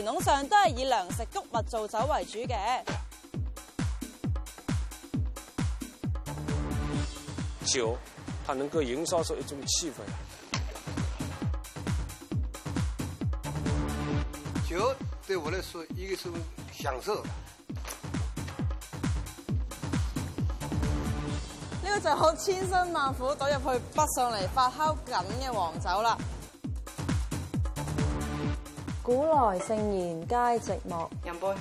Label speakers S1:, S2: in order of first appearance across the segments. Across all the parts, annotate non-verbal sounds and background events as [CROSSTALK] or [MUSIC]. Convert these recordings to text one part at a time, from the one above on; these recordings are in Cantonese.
S1: 傳統上都係以糧食穀物造酒為主嘅。
S2: 酒，它能夠營造出一種氣氛。
S3: 酒對我嚟說，一個是享受。
S1: 呢、這個就好千辛萬苦倒入去，滗上嚟發酵緊嘅黃酒啦。古來聖賢皆寂寞。飲杯，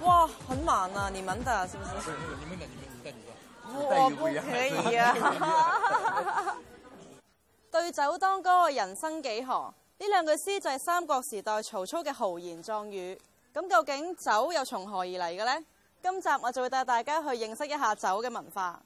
S1: 哇，很慢啊，你穩得，是不是？不哇我不可以啊。 [LAUGHS] [LAUGHS] 對酒當歌，人生幾何？呢兩句詩就係三國時代曹操嘅豪言壯語。咁究竟酒又從何而嚟嘅呢？今集我就會帶大家去認識一下酒嘅文化。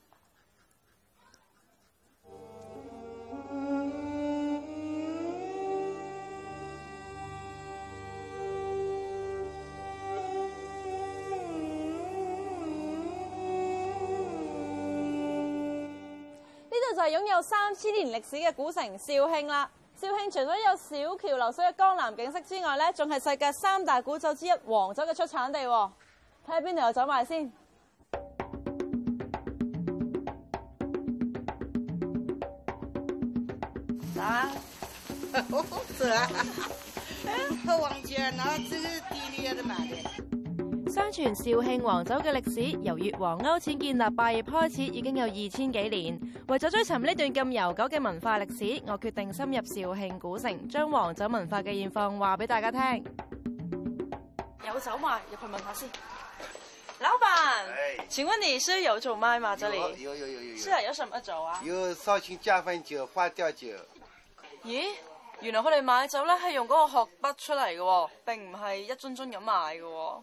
S1: 就擁、是、有三千年歷史嘅古城肇興啦。肇興除咗有小橋流水嘅江南景色之外咧，仲係世界三大古酒之一黃酒嘅出產地。睇下邊度有走埋先。
S3: 啊，呵呵，是姐，那這個店裏的買的。相
S1: 傳紹興黃酒嘅歷史由越王勾踐建立霸業開始，已經有二千幾年。為咗追尋呢段咁悠久嘅文化歷史，我決定深入紹興古城，將黃酒文化嘅現況話俾大家聽。有酒賣，入去問下先。老闆，請問你要有酒賣嗎？這裏有有有有
S2: 有。有，有，有，
S1: 有，有什麼酒啊？有
S2: 紹興加汾酒、花雕酒。
S1: 咦，原來佢哋賣酒咧係用嗰個殼筆出嚟嘅，並唔係一樽樽咁賣嘅。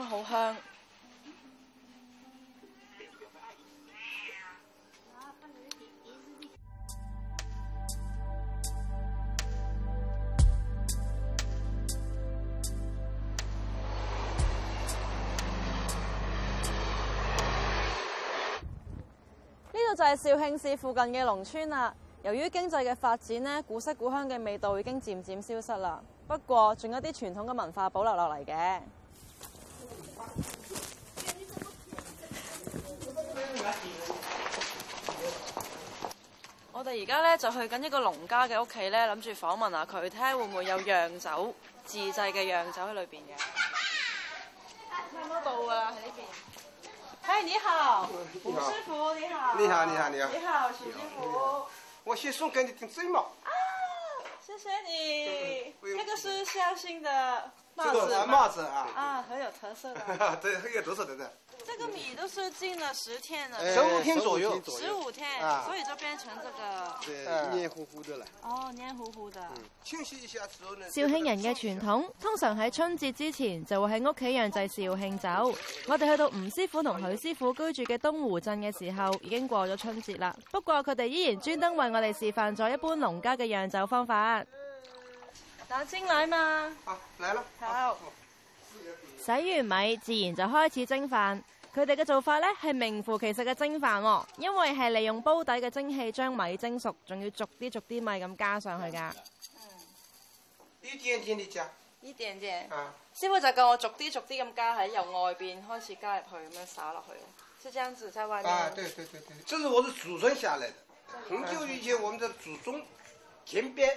S1: 好香。呢、嗯、度就係紹興市附近嘅農村啦。由於經濟嘅發展咧，古色古香嘅味道已經漸漸消失啦。不過，仲有啲傳統嘅文化保留落嚟嘅。我哋而家咧就去緊一個農家嘅屋企咧，諗住訪問下佢，睇下會唔會有釀酒自製嘅釀酒喺裏邊嘅。到啦，喺呢邊。哎，你好，吳師傅你好。你好，你好，你好。你好，徐師
S2: 傅。我先送給你頂氈帽。啊，
S1: 謝謝你。呢、嗯、個是孝心的。帽
S2: 子帽子啊！啊，很有特色的， [LAUGHS] 對
S1: 很有特色的，的這個米都是浸了十天了，嗯、十,五天十五天左右，十五天，啊、所以就變成這個對黏
S2: 糊糊的啦。哦，黏糊糊的。嗯、清洗、嗯、紹
S1: 興人嘅傳統，通常喺春節之前就會喺屋企釀製紹興酒。我哋去到吳師傅同許師傅居住嘅東湖鎮嘅時候，已經過咗春節啦。不過佢哋依然專登為我哋示範咗一般農家嘅釀酒方法。蒸奶嘛，好，來了好好洗完米自然就開始蒸飯。佢哋嘅做法呢係名副其實嘅蒸飯、哦，因為係利用煲底嘅蒸汽將米蒸熟，仲要逐啲逐啲米咁加上去噶、嗯
S2: 嗯。一點點嚟加，一點點，啊、
S1: 師傅就教我逐啲逐啲咁加喺由外邊開始加入去咁樣灑落去，即這樣子。即係話，啊，對對對對，
S2: 這是我的祖傳下來的，很從舊以前我們的祖宗前邊。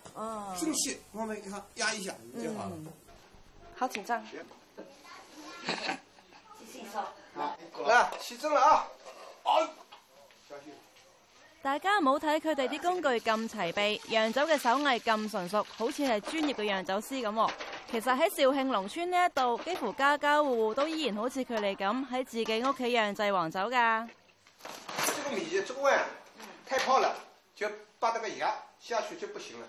S2: 重、oh. 些，我咪給他壓一下。嗯、就好緊張。繼續
S3: 做，好前 [LAUGHS] [LAUGHS] 了啊、嗯，小心！
S1: 大家唔好睇佢哋啲工具咁齊備，釀酒嘅手藝咁純熟，好似係專業嘅釀酒師咁。其實喺紹興農村呢一度，幾乎家家戶戶都依然好似佢哋咁喺自己屋企釀製黃酒噶、
S2: 嗯。這個米，這個米太泡了，就把個壓下去就不行了。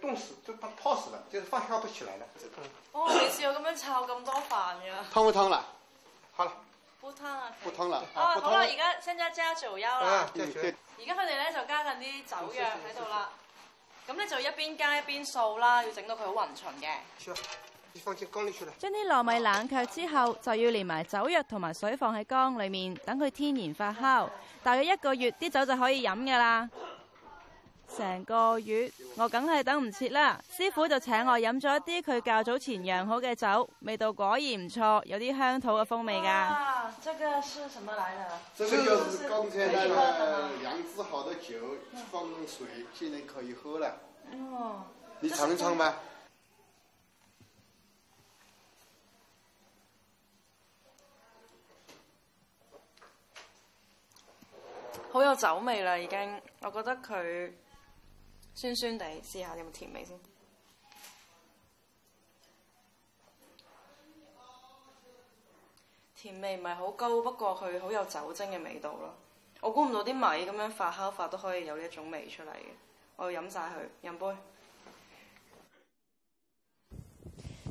S2: 凍死，就怕泡死了，就是
S1: 發酵不起來了。哦，你試過咁樣炒咁多飯噶？湯
S2: 唔湯啦，好啦。
S1: 煲湯啦。煲湯啦。哦，好啦，而家張嘉佳做休啦。
S2: 而
S1: 家佢哋咧就加緊啲酒藥喺度啦。咁咧就一邊加一邊掃啦，要整到佢好匀循
S2: 嘅。將
S1: 啲糯米冷卻之後，就要連埋酒藥同埋水放喺缸裏面，等佢天然發酵。大約一個月，啲酒就可以飲噶啦。成個月，我梗係等唔切啦！師傅就請我飲咗一啲佢較早前釀好嘅酒，味道果然唔錯，有啲鄉土嘅風味噶。啊，這個是什麼來的？這個就
S2: 是剛才那個釀製好的酒，放水，現在可以喝
S3: 了。
S2: 哦，你嘗一嘗吧。
S1: 好有酒味啦，已經，我覺得佢。酸酸地，試下有冇甜味先。甜味唔係好高，不過佢好有酒精嘅味道咯。我估唔到啲米咁樣發酵發都可以有呢一種味出嚟嘅。我要飲晒佢，飲杯。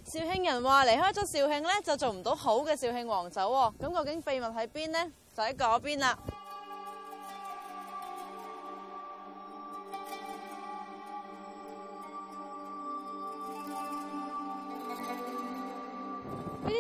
S1: 紹興人話離開咗紹興咧，就做唔到好嘅紹興黃酒喎。咁究竟秘密喺邊呢？就喺嗰邊啦。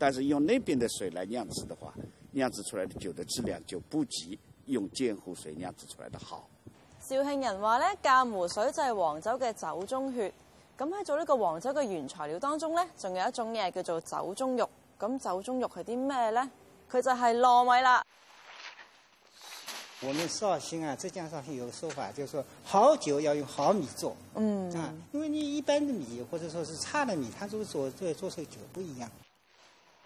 S2: 但是用那邊的水來釀製的話，釀製出來的酒的質量就不及用鑑湖水釀製出來的好。
S1: 紹興人話呢，鑑湖水就係黃酒嘅酒中血。咁喺做呢個黃酒嘅原材料當中呢，仲有一種嘢叫做酒中肉。咁酒中肉係啲咩呢？佢就係糯米啦。
S2: 我們紹興啊，浙江紹興有個說法，就是說好酒要用好米做。嗯啊，因為你一般的米或者說是差的米，它做做做出來酒不一樣。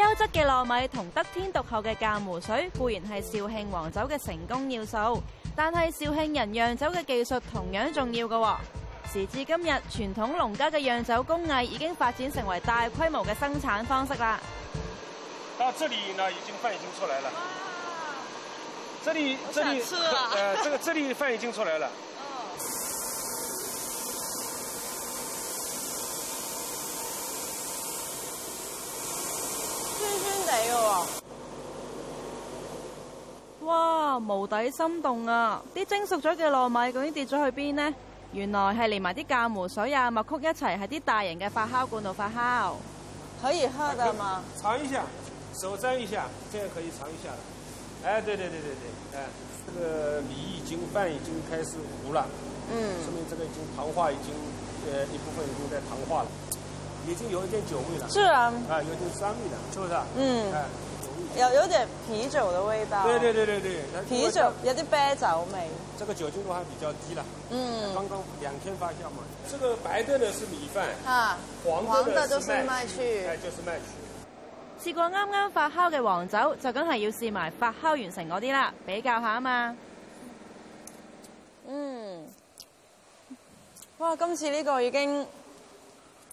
S1: 優質嘅糯米同得天獨厚嘅鑒湖水固然係紹興黃酒嘅成功要素，但係紹興人釀酒嘅技術同樣重要㗎喎。時至今日，傳統農家嘅釀酒工藝已經發展成為大規模嘅生產方式啦。
S2: 啊，這裏呢已經飯已經出來了。這裏這裏，呃，這個這裏飯已經出來了。
S1: 哇，無底心動啊！啲蒸熟咗嘅糯米究竟跌咗去邊呢？原來係連埋啲酵母水啊、麥麴一齊喺啲大型嘅發酵罐度發酵。可以喝㗎嘛？
S2: 嘗一下，手粘一下，這樣可以嘗一下。哎，對對對對對，哎，這個米已經飯已經開始糊啦，嗯，說明這個已經糖化已經，呃，一部分已經在糖化了。已經有一點酒味了，是啊，啊有點酸味了是不是啊？
S1: 嗯，有、嗯、有點啤酒的味道，對對
S2: 對對對，啤酒
S1: 有點啤酒味。
S2: 這個酒精度還比較低了，嗯，剛剛兩天發酵嘛。這個白的呢是米
S1: 飯，啊，黃的，的，是黃的都是
S3: 麥曲，係就
S2: 是麥曲。
S1: 試過啱啱發酵嘅黃酒，就梗係要試埋發酵完成嗰啲啦，比較下嘛。嗯，哇，今次呢個已經。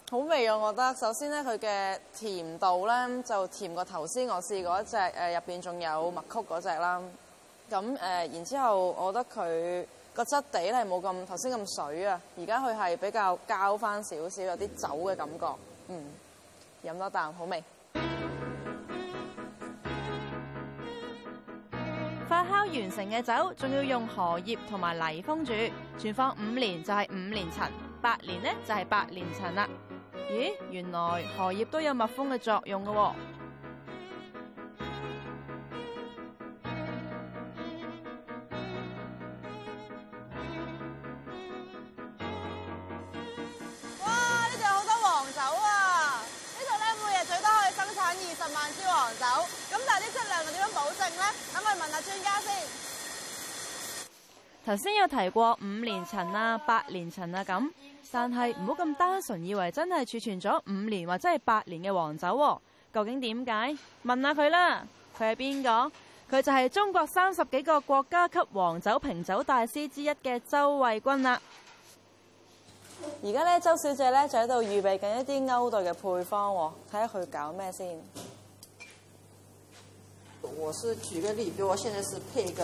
S1: 好味啊！我覺得首先咧，佢嘅甜度咧就甜過頭先。我試過一隻誒入邊仲有麥曲嗰隻啦。咁誒然之後，我覺得佢個質地咧係冇咁頭先咁水啊。而家佢係比較膠翻少少，有啲酒嘅感覺。嗯，飲多啖好味。發酵完成嘅酒，仲要用荷葉同埋泥封住，存放五年就係五年陳，八年咧就係八年陳啦。咦，原來荷葉都有密封嘅作用嘅喎！哇，呢度有好多黃酒啊！呢度咧，每日最多可以生產二十萬支黃酒，咁但係啲質量又點樣保證咧？
S4: 等我問下專家先。
S1: 頭先有提過五年陳啊、八年陳啊咁，但係唔好咁單純以為真係儲存咗五年或者係八年嘅黃酒，啊，究竟點解？問下佢啦，佢係邊個？佢就係中國三十幾個國家級黃酒評酒大師之一嘅周衛軍啦。而家呢，周小姐呢，就喺度預備緊一啲勾兌嘅配方，哦，睇下佢搞咩先。我是舉個例，我現在是配個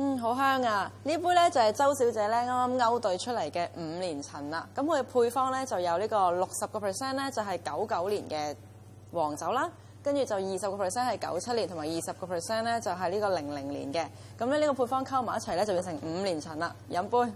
S1: 嗯，好香啊！呢杯咧就係周小姐咧啱啱勾兌出嚟嘅五年陳啦。咁佢嘅配方咧就有呢個六十個 percent 咧，就係九九年嘅黃酒啦。跟住就二十個 percent 係九七年，同埋二十個 percent 咧就係呢個零零年嘅。咁咧呢個配方溝埋一齊咧就變成五年陳啦。飲杯。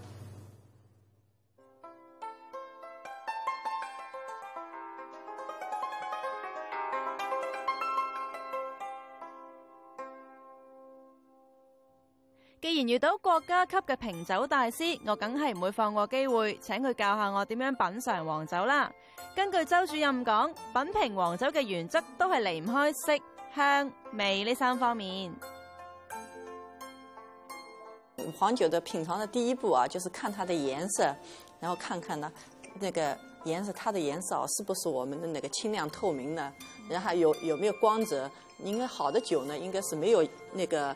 S1: 既然遇到國家級嘅評酒大師，我梗係唔會放過機會，請佢教下我點樣品嘗黃酒啦。根據周主任講，品評黃酒嘅原則都係離唔開色、香、味呢三方面。
S4: 黃酒的品嘗嘅第一步啊，就是看它的顏色，然後看看呢，那個顏色它的顏色啊，是不是我們的那個清亮透明呢？然後有有沒有光澤？應該好的酒呢，應該是沒有那個。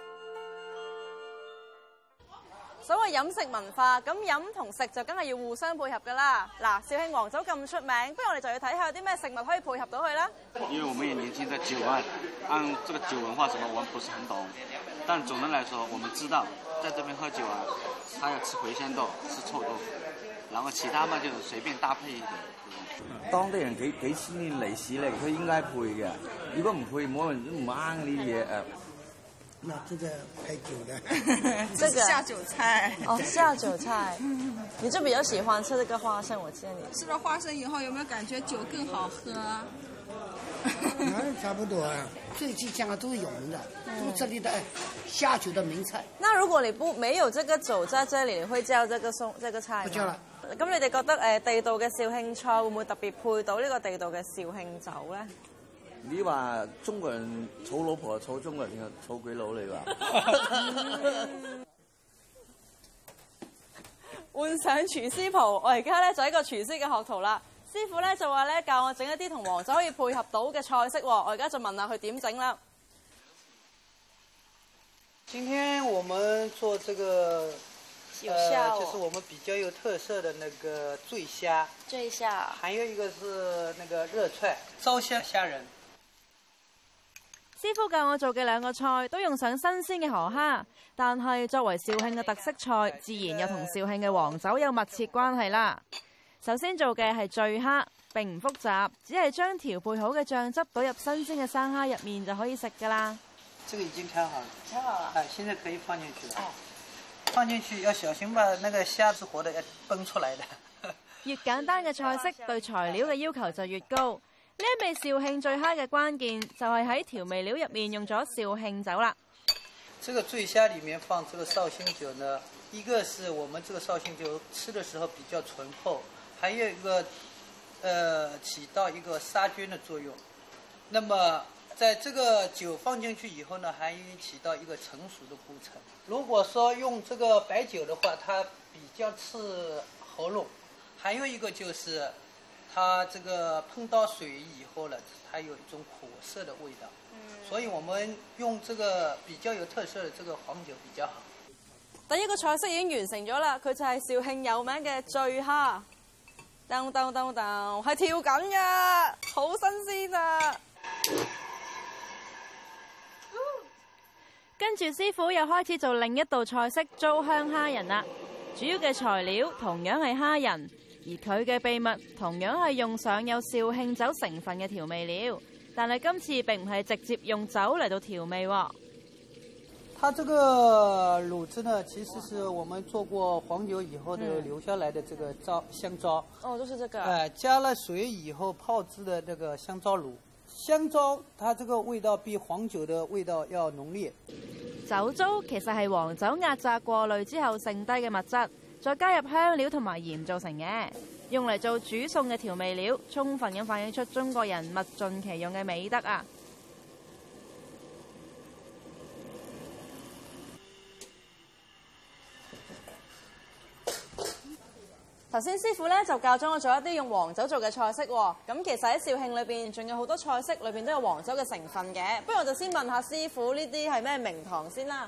S1: 所謂飲食文化，咁飲同食就梗係要互相配合噶啦。嗱，紹興黃酒咁出名，不如我哋就要睇下有啲咩食物可以配合到佢啦。
S2: 因為我們也年輕，在酒啊，按這個酒文化什麼，我們不是很懂。但總的來說，我們知道，在這邊喝酒啊，他要吃茴香豆，吃臭豆腐，然後其他嘛就隨便搭配一點。當地人幾幾千年歷史嚟，佢應該配嘅。如果唔配，冇人唔啱呢嘢。
S1: 那這個配酒的，這個下酒菜哦，下酒菜，你就比較喜歡吃這個花生。我建議，吃了花生以後有沒有感覺酒更好
S3: 喝？那 [LAUGHS] 差不多，啊。最近講的都是有名的，都這裏的下酒的名菜。
S1: 那如果你不沒有這個酒在這裏，你會叫這個餸這個菜嗎？不叫了。咁你哋覺得呃地道嘅紹興菜會唔會特別配到呢個地道嘅紹興酒呢？
S2: 你話中國人娶老婆啊，娶中國人嘅娶鬼佬嚟話。你
S1: 吧 [LAUGHS] 換上廚師袍，我而家咧就一個廚師嘅學徒啦。師傅咧就話咧教我整一啲同黃酒可以配合到嘅菜式喎。我而家就問下佢點整啦。
S3: 今天我們做這個，呃，就是我們比較有特色嘅那個醉蝦，醉，蝦醉蝦。
S1: 醉蝦。
S3: 還有一個是那個熱菜，糟香蝦仁。
S1: 師傅教我做嘅兩個菜都用上新鮮嘅河蝦，但係作為紹興嘅特色菜，自然又同紹興嘅黃酒有密切關係啦。首先做嘅係醉蝦，並唔複雜，只係將調配好嘅醬汁倒入新鮮嘅生蝦入面就可以食噶啦。
S3: 這個已經調好調好了。現在可以放進去啦。放進去要小心，把那個蝦子活的要崩出來的。
S1: [LAUGHS] 越簡單嘅菜式，對材料嘅要求就越高。呢味紹興醉蝦嘅關鍵就係喺調味料入面用咗紹興酒啦。
S3: 這個醉蝦裏面放這個紹興酒呢，一個是我們這個紹興酒吃的時候比較醇厚，還有一個，呃，起到一個殺菌的作用。那麼，在這個酒放進去以後呢，還起到一個成熟的過程。如果說用這個白酒的話，它比較刺喉嚨，還有一個就是。它這個碰到水以後呢，它有一種苦澀的味道，嗯，所以我們用這個比較有特色的這個黃酒比較好。
S1: 第一個菜式已經完成咗啦，佢就係紹興有名嘅醉蝦，噔噔噔噔，係跳緊㗎，好新鮮啊！跟住師傅又開始做另一道菜式——糟香蝦仁啦，主要嘅材料同樣係蝦仁。而佢嘅秘密同樣係用上有紹興酒成分嘅調味料，但係今次並唔係直接用酒嚟到調味，哦。
S3: 他這個滷汁呢，其實是我們做過黃酒以後的、嗯、留下來的這個糟香糟。
S1: 哦，就是這個。誒、啊，
S3: 加了水以後泡製的這個香糟滷，香糟它這個味道比黃酒的味道要濃烈。
S1: 酒糟其實係黃酒壓榨過濾之後剩低嘅物質。再加入香料同埋鹽做成嘅，用嚟做煮餸嘅調味料，充分咁反映出中國人物盡其用嘅美德啊！頭先師傅咧就教咗我做一啲用黃酒做嘅菜式、哦，咁其實喺紹興裏邊仲有好多菜式裏邊都有黃酒嘅成分嘅，不如我就先問一下師傅呢啲係咩名堂先
S3: 啦。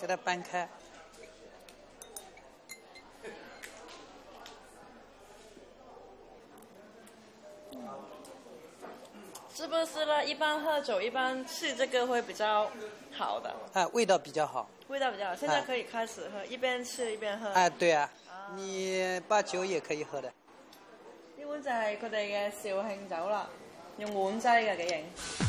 S3: 給它搬開，
S1: 嗯，是不是呢？一般喝酒，一般吃這個會比較好的，
S3: 啊，味道比較好，
S1: 味道比較好，現在可以開始喝，啊，一邊吃一邊喝，哎，啊，
S3: 對啊，啊，你把酒也可以喝的。啊，
S1: 這碗就係佢哋嘅紹興酒啦，用碗仔嘅嘅型。